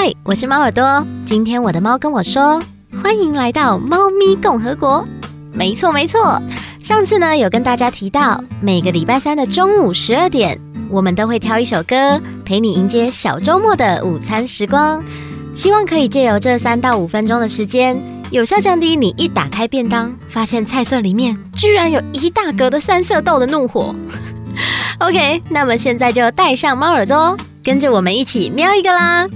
嗨，Hi, 我是貓耳朵。今天我的貓跟我說：“歡迎來到貓咪共和國。”沒錯沒錯。上次呢，有跟大家提到，每個禮拜三的中午十二點，我們都會挑一首歌陪你迎接小週末的午餐時光。希望可以借由這三到五分鐘的時間，有效降低你一打開便當，發現菜色裡面居然有一大格的三色豆的怒火。OK，那麼現在就戴上貓耳朵，跟着我們一起喵一個啦！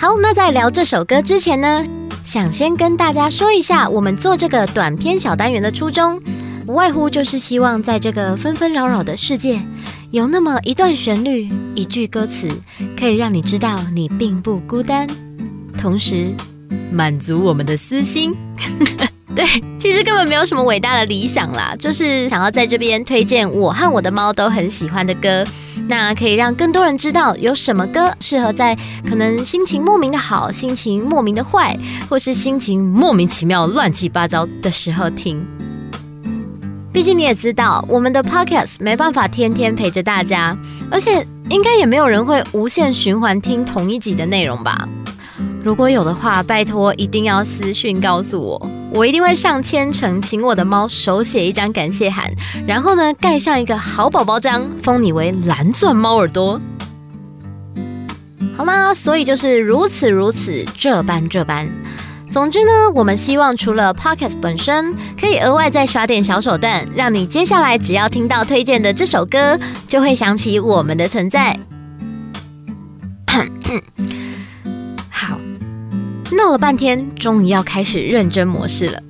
好，那在聊這首歌之前呢，想先跟大家說一下，我們做這個短篇小單元的初衷，不外乎就是希望在這個紛紛擾擾的世界，有那麼一段旋律、一句歌詞，可以讓你知道你並不孤單，同時滿足我們的私心。 對，其實根本沒有什麼偉大的理想啦，就是想要在這邊推薦我和我的貓都很喜歡的歌。那可以讓更多人知道有什麼歌適合在可能心情莫名的好、心情莫名的壞，或是心情莫名其妙亂七八糟的時候聽。畢竟你也知道，我們的 podcast 沒辦法天天陪着大家，而且應該也沒有人會無限循環聽同一集的內容吧？如果有的話，拜托一定要私訊告訴我。我一定會上簽呈，請我的貓手寫一張感謝函，然後呢，蓋上一個好寶寶章，封你為藍鑽貓耳朵。好啦，所以就是如此如此這般這般。總之呢，我們希望除了 Podcast 本身，可以額外再耍點小手段，讓你接下來只要聽到推薦的這首歌，就會想起我們的存在。咳咳鬧了半天，終於要開始認真模式了。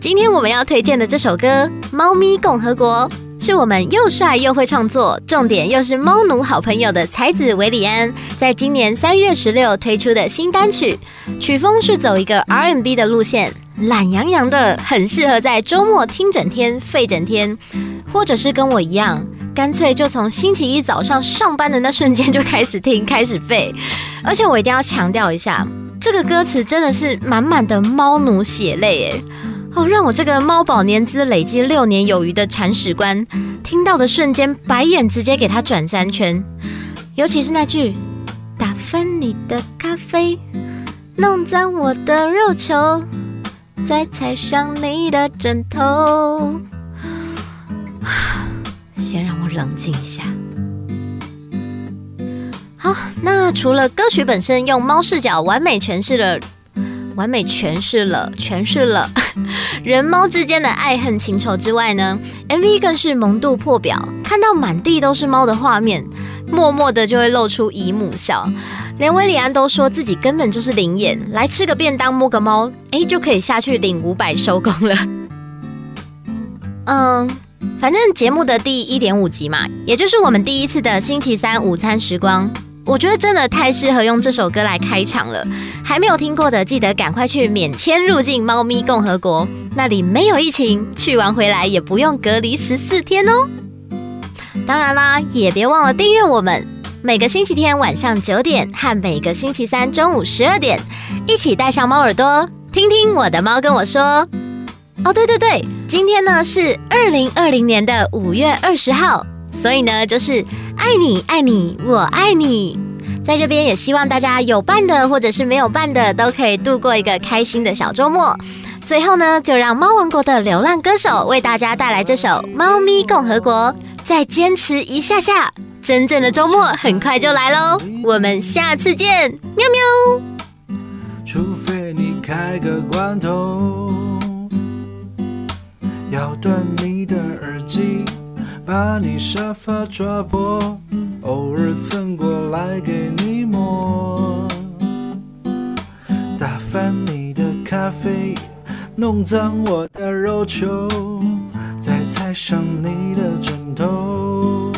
今天我們要推薦的這首歌《貓咪共和國》，是我們又帥又會創作，重點又是貓奴好朋友的才子韋禮安，在今年三月十六推出的新單曲。曲風是走一個 R&B 的路線，懶洋洋的，很適合在周末聽整天廢整天，或者是跟我一樣，乾脆就從星期一早上上班的那瞬間就開始聽，開始廢。而且我一定要強調一下。這個歌詞真的是滿滿的貓奴血淚哎，哦，讓我這個貓寶年資累積六年有餘的鏟屎官聽到的瞬間，白眼直接給他轉三圈。尤其是那句“打翻你的咖啡，弄髒我的肉球，再踩上你的枕頭”，啊，先讓我冷靜一下。哦、那除了歌曲本身用貓視角完美詮釋了完美詮釋了詮釋了人貓之間的愛恨情仇之外呢，MV 更是萌度破表，看到滿地都是貓的畫面，默默的就會露出姨母笑，連威利安都說自己根本就是臨演，來吃個便當摸個貓，誒、欸，就可以下去領五百收工了。嗯，反正節目的第一點五集嘛，也就是我們第一次的星期三午餐時光。我覺得真的太適合用這首歌來開場了。還沒有聽過的，記得趕快去免簽入境貓咪共和國，那裡沒有疫情，去完回來也不用隔離十四天哦。當然啦，也別忘了訂閱我們。每個星期天晚上九點和每個星期三中午十二點，一起戴上貓耳朵，聽聽我的貓跟我說。哦，對對對，今天呢是二零二零年的五月二十號，所以呢就是。愛你，愛你，我愛你。在這邊也希望大家有伴的，或者是沒有伴的，都可以度過一個開心的小周末。最後呢，就讓貓王國的流浪歌手為大家帶來這首《貓咪共和國》。再堅持一下下，真正的周末很快就來嘍！我們下次見，喵喵。除非你開個罐頭把你沙發抓破，偶爾蹭過來給你摸，打翻你的咖啡，弄髒我的肉球，再踩上你的枕頭。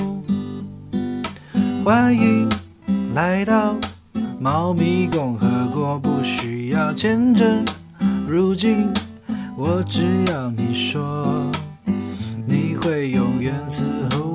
歡迎來到貓咪共和國，不需要簽證。如今我只要你說。會永遠伺候。